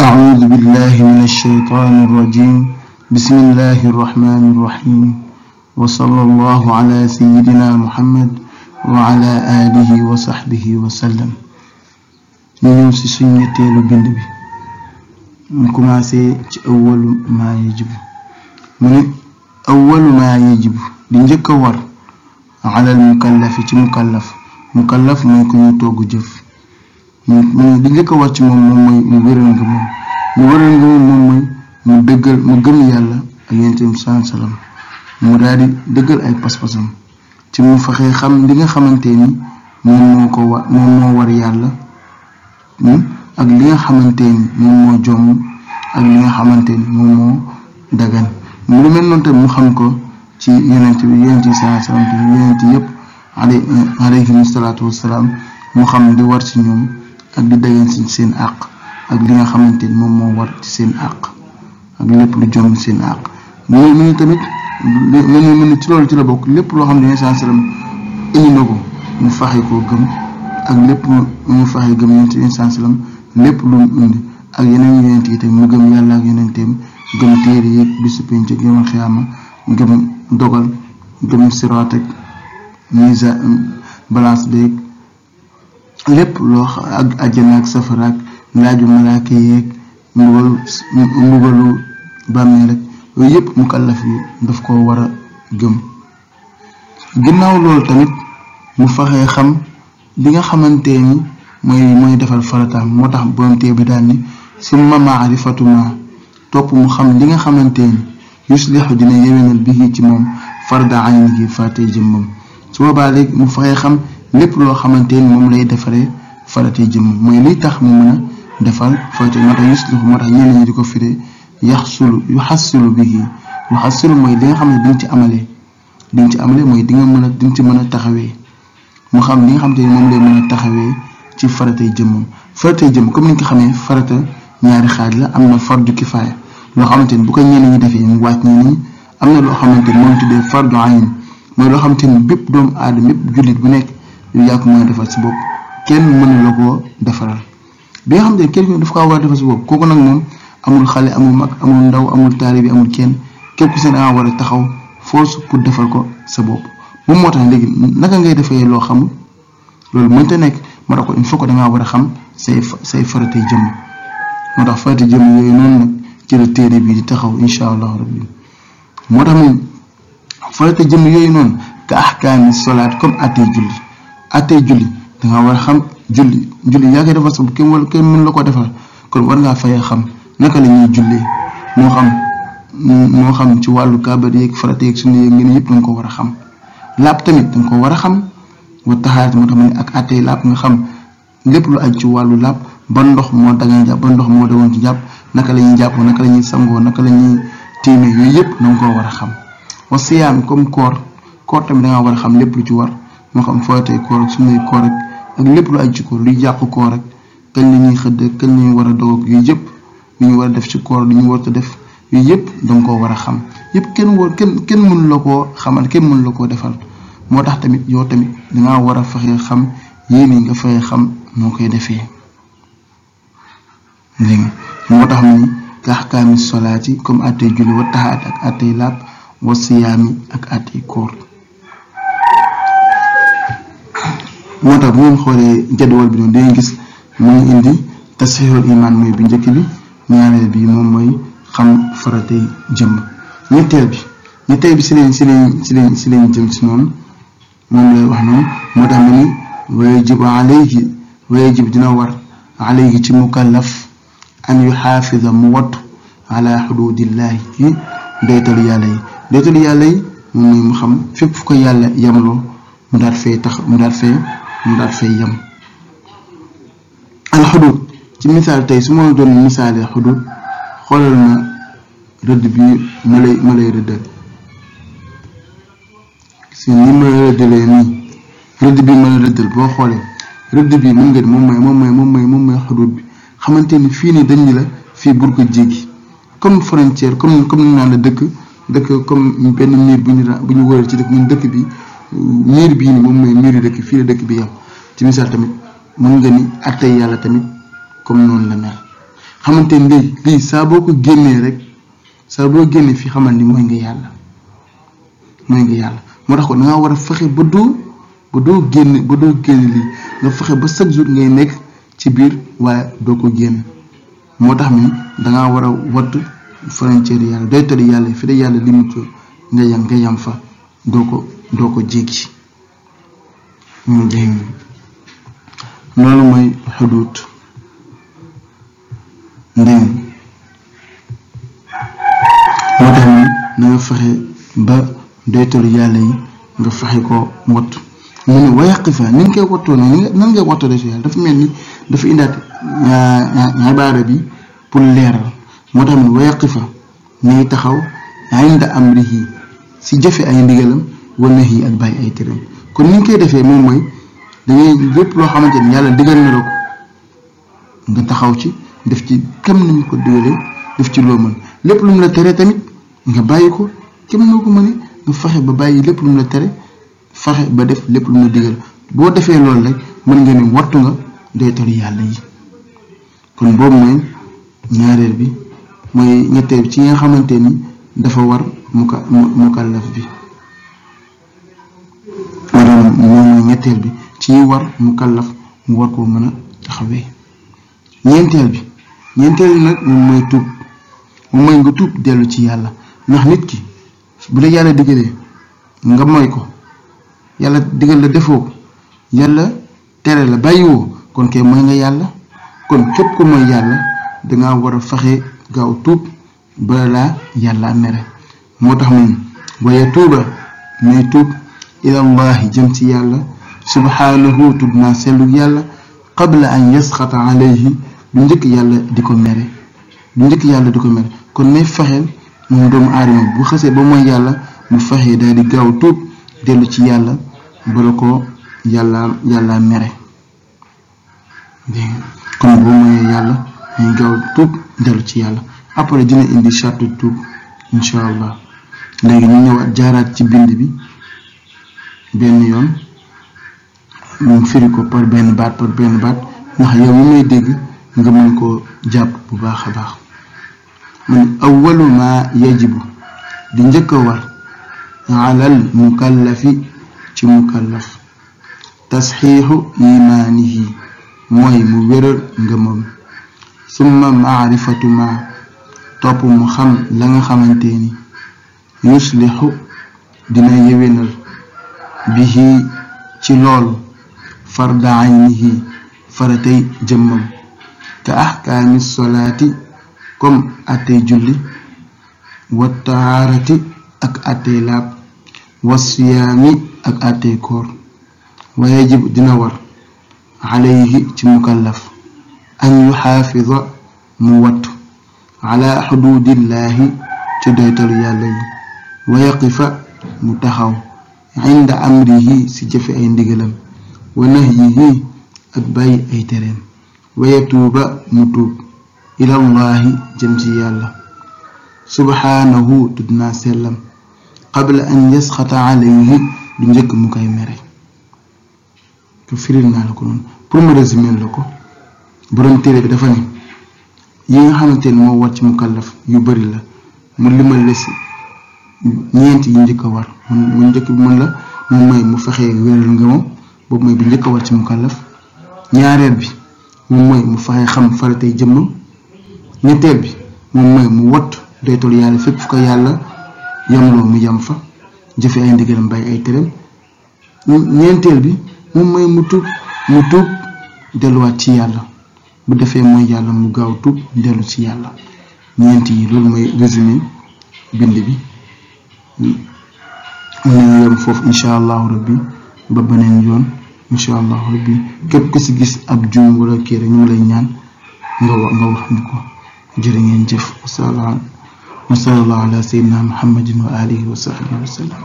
أعوذ بالله من الشيطان الرجيم بسم الله الرحمن الرحيم وصلى الله على سيدنا محمد وعلى آله وصحبه وسلم ñu ñëw ci suñu ñetteelu bind bi mu commencé ci awwalu maa yajibu mu ne maa yajibu di njëkk a war alal mukallafi ci mukallaf mukallaf ku ñu togg jëf moom li njëkk a war ci moom moom mooy mu wéral nga moom mu wéral nga moom moom mooy mu dëggal mu gëm yàlla ak yenteem san salam mu daal di dëggal ay pas-pasam ci mu faxee xam li nga xamante ni moom moo ko wa moom moo war yàlla hmm, ak li nga xamante ni moom moo jomm ak li nga xamante ni moom moo dagan mu lu mel noonu tamit mu xam ko ci yonent bi yonent yi saa salaam te yonent yëpp alayhim salaatu wasalaam mu xam di war ci ñoom ak di dageen si seen àq ak li nga xamante ni moom moo war ci seen àq ak lépp lu jom seen àq mu ne tamit mu ne mu ne ci loolu ci la bokk lépp loo xam ne saa salaam indi na ko mu faxe koo ak lépp mu faxe gëm ñun ci lépp lu mu ak yeneen yonent yi tamit mu gëm yàlla ak yonenteem gëm téere yeeg bisu penc ak yomal xiyaama gëm dogal gëm siraat ak misa balance beeg lépp loo ak àjjana ak safara ak laaju malaaka yeeg mbugalu mbugalu bàmmeel ak yooyu yëpp mukallaf yi daf ko war a gëm ginnaaw loolu tamit mu faxee xam li nga xamante ni mooy mooy defal farataam moo tax borom téere bi daal ni summa maarifatu ma topp mu xam li nga xamante ni yuslixu dina yewenal bi ci moom farda ayni gi fàtte jëmmam su boobaa léegi mu faxee xam lépp loo xamante ni moom lay defaree farate jëmm mooy liy tax mu mën a defal farate moo tax yuslihu moo tax ñenn ñi di ko firee yaxsulu yu xasulu bihi yu xasulu mooy li nga xam ne diñ ci amalee diñ ci amalee mooy di nga mën a diñ ci mën a taxawee mu xam li nga xamante ni moom lay mën a taxawee ci faratay jëmmam faratay jëmm comme ni nga ko xamee farata ñaari xaaj la am na fardu kifaaya loo xamante ni bu ko ñeen ñi defee mu wàcc ñenn ñi am na loo xamante ni moom tuddee fardu ayn mooy loo xamante ni bépp doomu aadama bépp jullit bu nekk yow yaa ko mën defal si bopp kenn mënu la koo defaral bi nga xam ne kenn daf kaa war a defal si bopp kooku nag moom amul xale amul mag amul ndaw amul taalibe amul kenn képp ku a war a taxaw foo pour defal ko sa bopp moom moo tax léegi naka ngay defee loo xamul loolu mënta nekk ma tax ko il faut que war a xam say say farate jëmm moo tax farate jëmm yooyu noonu nag ci la téere bi di taxaw incha allahu rabbi moo tax moom farate jëmm yooyu noonu ka ahkaami solaat comme attey julli attey julli danga war a xam julli julli yaa koy defal sa kenn wala kenn mën la ko kon war ngaa fayee xam naka la ñuy jullee moo xam moo xam ci wàllu kaabar yeeg farata yeeg sunna yeeg ngeen yëpp danga ko war a xam laab tamit danga ko war a xam wa taxaare moo tax ma ak attey laab nga xam lépp lu aj ci wàllu laab ba ndox moo dagan jàpp ba ndox moo dawoon ci jàpp naka la ñuy jàppoo naka la ñuy sangoo naka la ñuy tiime yooyu yëpp danga ko war a xam wa siyaam comme koor koor tamit danga war a xam lépp lu ci war moo xam faatee koor ak suñuy koor ak lépp lu aju ci koor luy jàq koor ak kañ la ñuy xëdd ak kañ war a dog yooyu yëpp lu ñu war a def ci koor lu ñu warut a def yooyu yëpp danga koo war a xam yëpp kenn war kenn kenn mënu la koo xamal kenn mënu la koo defal moo tax tamit yow tamit dangaa war a fexe xam yéen nga fexe xam noo koy defee dégg nga moo tax ni kaxkaami solaati comme àttee julli wa taxaat ak àttee laab wa siyaami ak àttee koor moo tax bu ngeen xoolee jadwal bi noonu dangeen gis mu ngi indi tasxiirul imaan mooy bu njëkk bi ñaareel bi moom mooy xam faratey jëmb ñetteel bi ñetteel bi si leen si leen si leen si leen jëm si noonu moom lay wax noonu moo tax mu ni wayajib alayhi wayajib dina war alayhi ci mukallaf an yu xaafida mu wattu ala xududillahi ci doytalu yàlla yi doytalu yàlla yi moom mooy mu xam fépp fu ko yàlla yamloo mu daal fay tax mu daal fay mu daal say yem alxudud ci misaal tey su ma doon misaalee xudud xoolal ma rëdd bi ma lay ma lay rëddal si ni ma rëddalee nii rëdd bi ma la rëddal boo xoolee rëdd bi mun nga moom mooy moom mooy moom mooy moom mooy xudud bi xamante ni fii nii dañ la fii bur ko jéggi comme frontière comme comme ni naan la dëkk dëkk comme benn miir bu ñu bu ñu wëral ci dëkk mun dëkk bi miir bii nii moom mooy miiru dëkk fii la dëkk bi yam ci misaal tamit mën nga ni attey yàlla tamit comme noonu la mel xamante ni léegi lii saa boo ko génnee rek saa boo génnee fii xamal ni mooy nga yàlla mooy moo tax ko da war a fexe ba doo ba doo génn ba doo génn lii nga fexe ba chaque jour ngay nekk ci biir waaye doo ko génn moo tax mi danga war a wattu frontière yàlla doy tëri yàlla fi de yàlla limite nga yam nga yam fa doo ko doo ko jéggi mu dégg loolu mooy xuduut dégg moo tax ni na nga fexe ba doytalu yàlla yi nga fexe ko wattu mu ne wayàq fa ni nga koy wattoo nag ngay wattoo doytalu yàlla dafa mel ni dafa indaat ibaada bi pour leeral moo tax ni wayàq fa ni taxaw inda amrihi si jëfe ay ndigalam wala yi ak bàyyi ay tëram kon ni ñu koy defee moom mooy da ngay lépp loo xamante ni yàlla digal na la ko nga taxaw ci def ci kam nañu ko digalee def ci loo mën lépp lu mu la tere tamit nga bàyyi ko kenn noo ko mënee nga faxe ba bàyyi lépp lu mu la tere faxe ba def lépp lu mu digal boo defee loolu rek mën nga ni wattu nga doytal yàlla yi kon boobu mooy ñaareel bi mooy ñetteel ci nga xamante ni dafa war mu ka bi maanaam moom mooy ñetteel bi ci war mu kallaf mu war koo mën a taxawee ñeenteel bi ñeenteel bi nag moom mooy tuub moom mooy nga tuub dellu ci yàlla ndax nit ki bu la yàlla diggalee nga mooy ko yàlla digal la defoo ko yàlla tere la bàyyiwoo kon kay mooy nga yàlla kon képp ko mooy yàlla danga war a faxe gaaw tuub bala laa yàlla mere moo tax moom waaye tuuba may tuub ilallahi jëm ci yàlla subhaanahu tudd naa sellu yàlla qabla an yasxata alayhi du njëkk yàlla di ko mere du njëkk yàlla di ko mere kon nay fexeel moom doomu aadama bu xesee ba mooy yàlla mu fexee daal di gaaw tuub dellu ci yàlla bala ko yàlla yàlla yàlla dañ gaaw tuub ci yàlla après dina indi charte tuub incha allah léegi ñu ñëwaat jaaraat ci bind bi benn yoon mu firi ko par benn baat par benn baat ndax yow mi may dégg nga mën koo jàpp bu baax a baax man awwalu yajibu di njëkk a war alal mukallafi ci mukallaf tasxiixu imaanihi mooy mu wéral ngëmam summa maarifatu ma topp mu xam la nga xamante ni yuslixu dina yewenal bihi ci loolu farda aynihi faratay jëmmam ka axkaami solaati comme attey julli wa tahaarati ak attey laab wa siyaami ak attey koor wa yajib dina ci mukallaf an yuxaafida mu wattu ala ci doytalu yàlla wa yaqifa mu taxaw inda amrihi si jëfe ay ndigalam wa nahyihi ak ay tereem wa yatuuba mu tuub ilallahi jëm ci yàlla subhaanahu tudd naa sellam qabla an yasxata alayhi du njëkk mu koy mere ko firil naa la ko noonu pour la ko borom téere bi dafa nga xamante ne moo war mukallaf yu bari la mu limal la ñeent yi njëkk a war mu njëkk bi mën la moom mooy mu fexee wéral ngëmam boobu mooy bu ci mukallaf bi mu fexee xam faratay jëmmam ñetteel bi mu wott doytal yàlla ko yàlla yamloo mu yam ay ndigalam bi moom tuub mu tuub delluwaat ci yàlla bu defee mooy yàlla mu gaaw tuub dellu ci yàlla ñeent loolu mooy résumé bind bi ñu yem foofu incha allahu rabbi ba beneen yoon incha allahu rabbi képp ku si gis ab juum wala kii ñu ngi lay ñaan nga wax nga wax ñu ko jërë ngeen jëf wa sallallahu ala sayyidina muhammadin wa alihi wa sahbihi wa sallam